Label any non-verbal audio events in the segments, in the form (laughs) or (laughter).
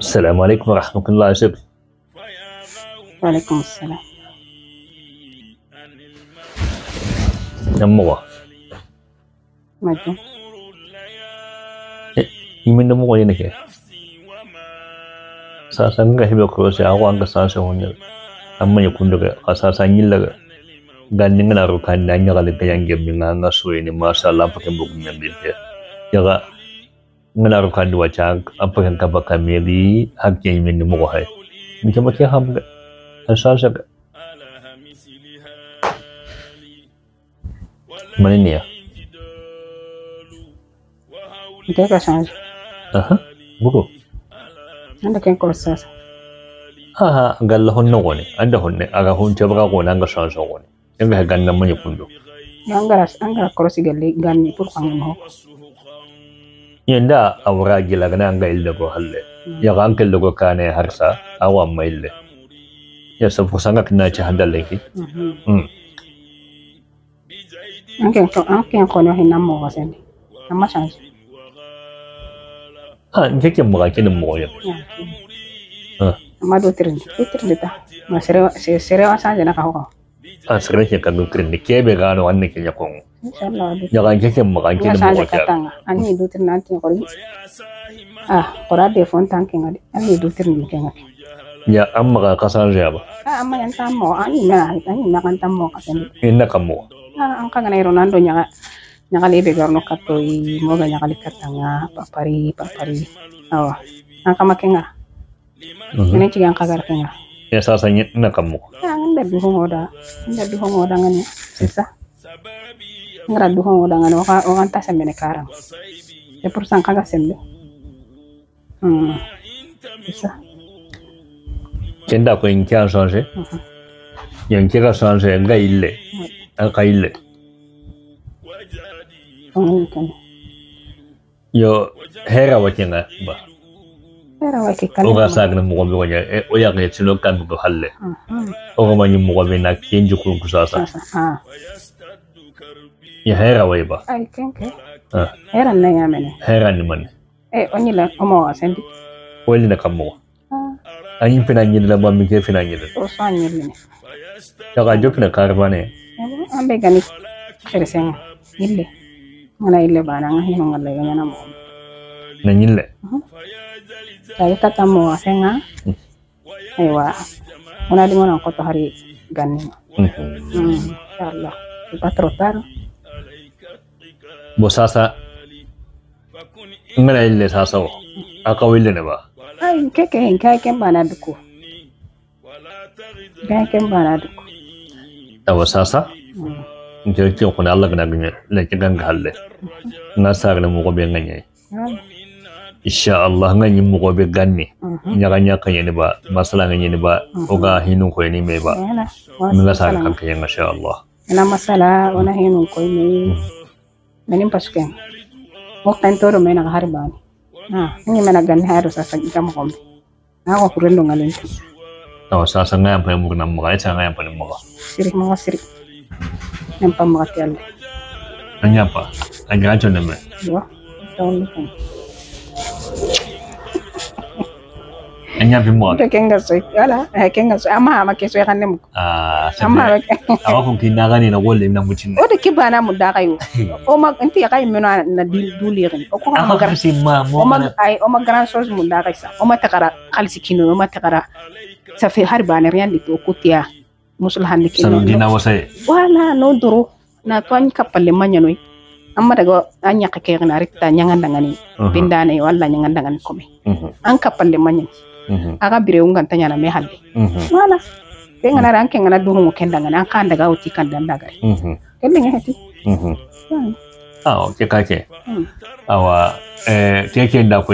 السلام عليكم ورحمة الله وبركاته وعليكم السلام نموه مجد يمين نموه ينكي ساسان غيبك وسيا وانك ساسا هنيل أما يكون لك أساسا يلك ganning na ro kan nanya kali kaya ngem nga nga suwe ni masalah pakai buku ngambil ya ya ga ngana ro dua cak apa yang kaba li haknya ini ni mo hai ni kama kya ham ga asal sak mana ni ya Dia sa. Aha, buku. Anda kan sa. Aha, galahun nawa ne, anda hunne, aga hunce kau nangga ga shansa gona engahaganda ya mo niya enggak ras angara koro si gali gani pur kang mo yenda awra gila gana anga le go halle hmm. ya ga angkel logo kane harsa awa maille ya sa fusanga kina cha handa leki mm-hmm. mm angkel ko angkel ko no hinam mo waseni amma ah ngeke mo ga kene mo ya ah ya, amma do tirndi tirndi ta ma serewa na ka ho あそれにかぐくりにけべがあのあんねけじゃこん。やがんけけんもがんけんもがちゃう。あにどてなんてこれ。あ、こらでフォンタンけんがで。あにどてんにけんが。ya amma ga kasar ya ba a amma yan tammo ani na ani na kan tammo ka sen inna kammo a an ka ganai ronaldo nyaga nyaga lebe garno katto i moga nyaga likatanga papari papari awa an kama kenga ina cigan kagar kenga ya sasanya na kamu ang da duhong oda ang da duhong ngani sisa ngra duhong oda ngani waka wakan ta sembe ne kara. e pour sang kaga sembe hmm sisa kenda ko inkia sonse yang kira sonse nga ille aka ille yo hera wakenga ba oga sakina mɔgɔ bɛ waɲɛ eh, o yaga ye sinɔ kan bɛ hali lɛ o ka maɲi mɔgɔ bɛ na kin ji kurun kusa sa ya hɛra wa ba hɛra na ya mɛnɛ hɛra ni mani o ɲila o ma wa sɛndi o ye lina ka mɔgɔ an yi fina ɲini la ba min kɛ fina ɲini o sɔn ɲini ne daga jo fina kariba ne an gani kɛrɛsɛ ŋa yille mana yille baana an ka hinɛ ŋa lɛ ɲɛna mɔgɔ na ɲille laika tamo wasenga aiwa unadi ngona koto hari gani? Hmm. Hmm, insyaallah kita trotar bo sasa ngana ille sasa wo aka ille ne ba ai keke hin kai ken bana duku kai ken bana duku Tahu sasa Jadi ki ko Allah kena gini, lekang ki le. halle na sa insha Allah nga yin mɔgɔ bɛ gan ne ɲaga ɲa ka ɲɛni ba masala ka ɲɛni ba mhm. o ka hinu ko ni me ba min ka sa kan ka insha Allah na masala ona hinu ko ni mhm. menin pasuke mo kan toro mena ka har ba na ni na gan haro sa sa ga ko na ko kurendo ngalen taw sa sa nga pa mo na mo ka sa nga pa ni mo ka sirik mo sirik nem pa mo ka Nya anya pa anya jo me yo taw ni kan. kenyam fi mo to kengal soy wala ha kengal soy amma ma ke soy hanne mo ah amma awa kun kinna gani na golle na mutin o oh, da kibana mu da kayu, (laughs) o ma anti ya kayo mena na duli gani o ko ma gar si ma mo ma ai o ma gran sos mu da kaisa o ma takara khalsi kino o ma takara safi har bana riyan di to kutiya musul hande kino sanudina wasai wala no duro na to an kapalle manya noy amma daga an yaka kai na rikta nyangan dangani bindane walla nyangan dangani kome mhm. an kapalle manya aga bire ungan tanya na halle mana be ngana ran ken ngana duhu mukenda kenda ngana kan daga uti kanda ndaga daga ken ne heti mm-hmm. mm. aw ke kake mm. awa eh teke da ko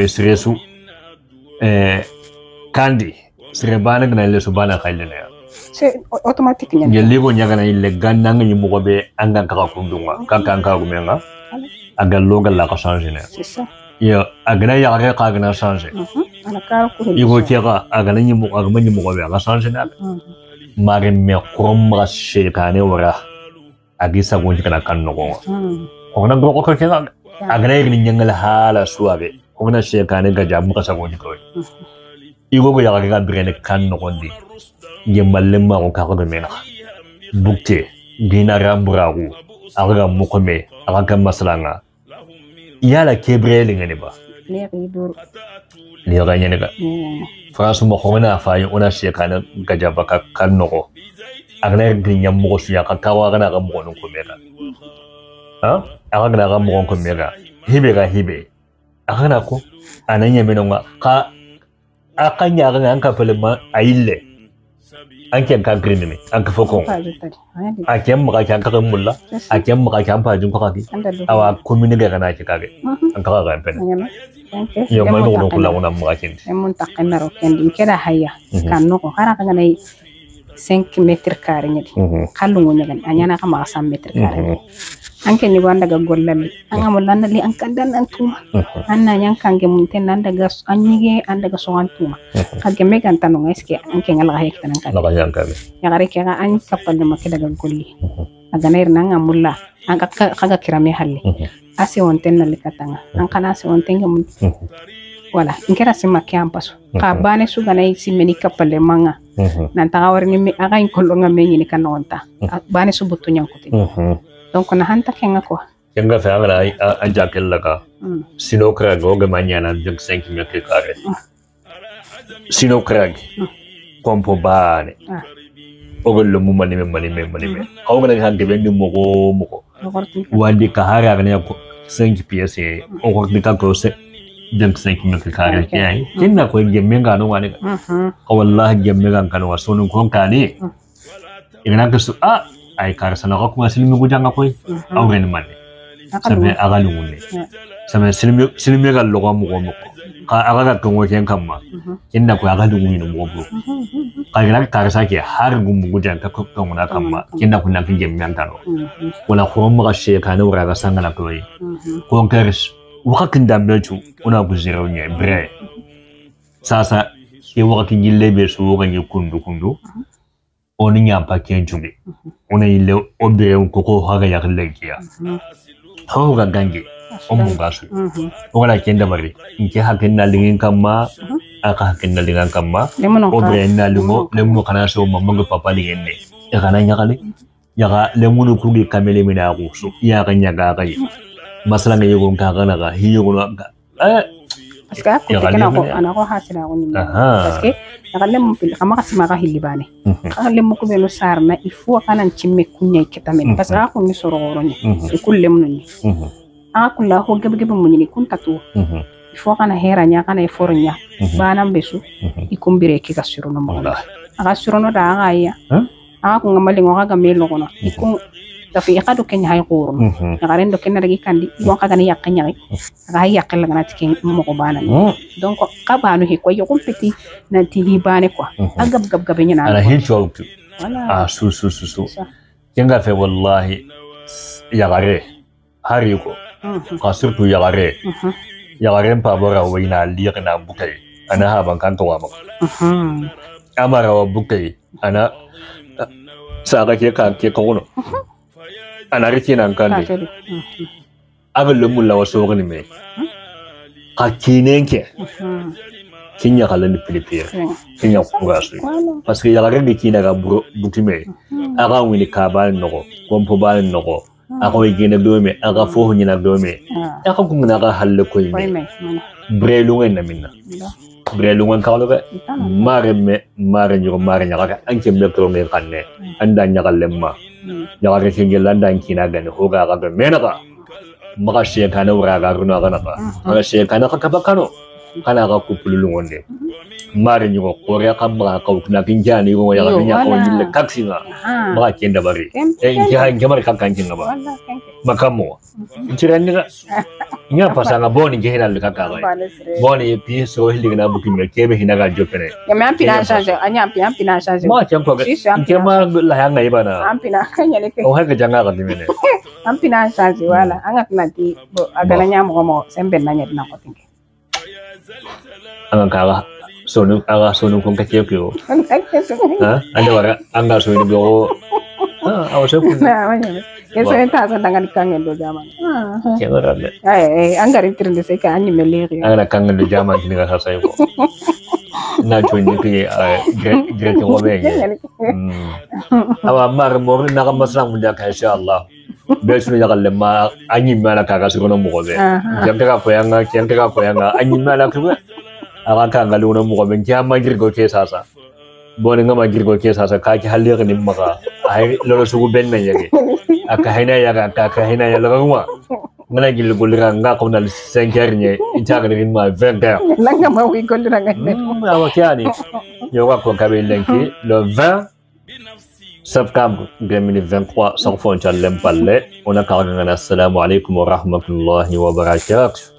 eh kandi sire bana ngana le subana khalle ne se automatique nya ngeli go nya kana ille ganna ngi mu go be anga ka ka kundunga ka ka ka go menga aga loga la ka changer ne c'est ça yo agna ya ga ka agna changer mm-hmm. Mm-hmm. iko mm-hmm. mm-hmm. ke ka a kana ɲɛmɔgɔ a kana ɲɛmɔgɔ bɛ a ka san sɛnɛ dɛ mari mɛ a k'i sago kana kan nɔgɔ wa o kana dɔgɔ ka kɛ dɛ a hala su a bɛ o kana sɛkane gaja a maga iko ko yaga kɛ ka birɛni kan nɔgɔ de yɛmalen ma k'a ko bɛ bukte dinara buraku a ka mɔgɔ mɛ a ka masala nga yala kɛ birɛni ne ba lera ɲɛnɛga faransi mɔgɔ bɛna a fa ye o na sɛ ka na ka ka nɔgɔ a kana girinya mɔgɔ suya ka kawa a kana a ka mɔgɔ ni kunbɛ ka a ka kana a ka mɔgɔ kunbɛ ka hibe ka hibe a kana ko a na ɲɛ minɛ ka a ka ɲɛ an ka fɛlɛ ma a an kɛ ka girin mɛmɛ an ka fɔ a kɛ maga kɛ an ka kɛ a kɛ maga kɛ an pa jun kɔ ka kɛ awa komini kɛ n'a kɛ ka kɛ an ka ka kɛ yo mal no ko la wona mo akin e mun takena ro ken din keda haya kan no ko hara kan nai 5 meter kare ni kallu ngone kan anyana ka ma 100 meter kare an ken ni wanda ga gollal an amo nan li an kaddan an tuma mhm. an na yan kan ge mun ten nan daga an yige an daga so an tuma mhm. ka ge me kan tanu eske an ken ala hek tan kan la yan kan ya gare ke an kapal de make daga golli mhm. aga nair nan amulla Angka kaga kirame halle mm-hmm. ase wonten na nga mm-hmm. angka na ase wonten nga mm-hmm. wala nkera si ke pasu. paso ka bane su gana isi meni manga na ta ni aga in kolonga me ni kanonta. bane su butu nyang kuti donc na hanta kenga ko kenga fa ngara a jakel laka mm. sino kra goga manyana 25 mètres mm. carrés sino kra mm. kompo bane ah. ogol lo memani memani memani mogo mogo Wadi Kahara kan ya 5 PS e o ko de ka ko se dem 5 mil kahara ke ai kin na ko gemme ga no wani ka wallahi gemme ga kan wa sonun kon ka ina ka su a ai kar sana ko kuma silmi gujan ko au ren man sabe agalu ne sabe silmi silmi ga logo mu go kaga tungo ken mm-hmm. inda ko aga dungu no mogo kaga ka sake har gumbu gujan ta ko kan wala kamma kinda kunna wala ko mu ga she kana wura ga sangala ko yi mm-hmm. ko karis mbechu una guzero nye bre sasa mm-hmm. ye wakatin yille be su wogan kundu kundu oni nya pakin jume ona obere ko haga ya kallaki ya ho ga ummun gasu wala ken da mari in hakin na lingin kan aka hakin na lingan ya kan ma o karena lemu so mamman ga papa lingen ne e kana nya kale ya ga lemu no kuge kamele mina ko so ya ga nya ga ga masala ga yugo ka ga na hiyo no ga parce que ko tekena ko ana hasi na ko nimmi parce que daga kama kasi ka hilli bane ka lem sarna il faut kana chimme kunya kitamen parce que ko ikul an mhm. ka kunla ko gebegebu mu ɲini kun tatu ifo kana hera ɲa kana eforo ɲa mhm. banan mhm. e be su i kunbire ke ka sirono mɔgɔ a ka sirono da an ka ya an ka kun ka malengo ka game lɔgɔnɔ i kun dafi i ka do kɛ ɲagai e korono ɲagaren e do kɛnɛ dagi kandi i gon ka gana yakke ɲagi a ka yakke lagana ti kɛ mɔgɔ banani donc ka banu he kuwa yogon peti nanti hi bane kuwa a gab gab gabe ɲina ana hin cɔgtu a ah, su su su su kenga fɛ wallahi yagare hari ko ka surtout yagare yagare n paabora waina liigna bukai ana habankanto wamak amarawa bukai ana saga ke ka ke kogono ana rikinan kande aga lomulla wa sogni me ka kinenke kinya kalani pilipir kinya kurasu parce que yagare ni kinaga butime aga wini kabal nogo gompo bal nogo ako wigina dome aka fohu nyina dome aka kumna aka halle ko yime eh. brelu ngai na minna brelu ngai kaalo mare me mare nyoro mare nyaka ka anke me ko nyaka hmm. lemma hmm. nyaka re singe landa kina gani ho ga ga mena ka maka shekana wura ga runa ga na ka hmm. maka shekana ka kabakano mari nyugo korea kan maka iya, kan ah. kan eh, kau (laughs) kena kinja ni ko yala kinya ko jille kaksi na maka kenda bari e jaha jamar kan kanjin nga ba maka mo jiran ni nya nga boni jehira le kaka ba boni pi so hili na buki me kebe hina ga kan, jopere ya me ampina shaje anya ampina ampina shaje ma chan ko ke ma la hanga iba na ampina kanya le ke o haka janga ga dimene ampina shaje wala anga tna ti agala mo mo sembe na nya na ko tinge anga sonu anga sonu kon kake yo ha ande wara anga sonu bi o ha awo se kun na wanya yeso en tasa danga ni kangen do jama ha ke wara le ai anga ri tirinde se ka anyi meleri anga kangen do jama ni ga sa yo na chonye pe grete wabenge awa mar mori na ka masna mun ka insha Allah be sunu ya galle ma anyi mala ka ka suno mo be jam ka ko yanga kyan ka ko yanga anyi mala ku aga ka ngalo na mo kamen ma magirgo ke sasa bone nga magirgo ke sasa ka ki halia ka nimma ka ai lolo suku ben na yage aka hina ya ka ka ka ya lolo ma ngana gil golira nga ko na lisen heures ne ita ka ni ma ven ka. langa ma wi golira nga ne ma wa kia ni yo ka ko ka be lenki le 20 septembre 2023 sans fond challem palle le. Ona ka ngana assalamu alaikum wa rahmatullahi wa barakatuh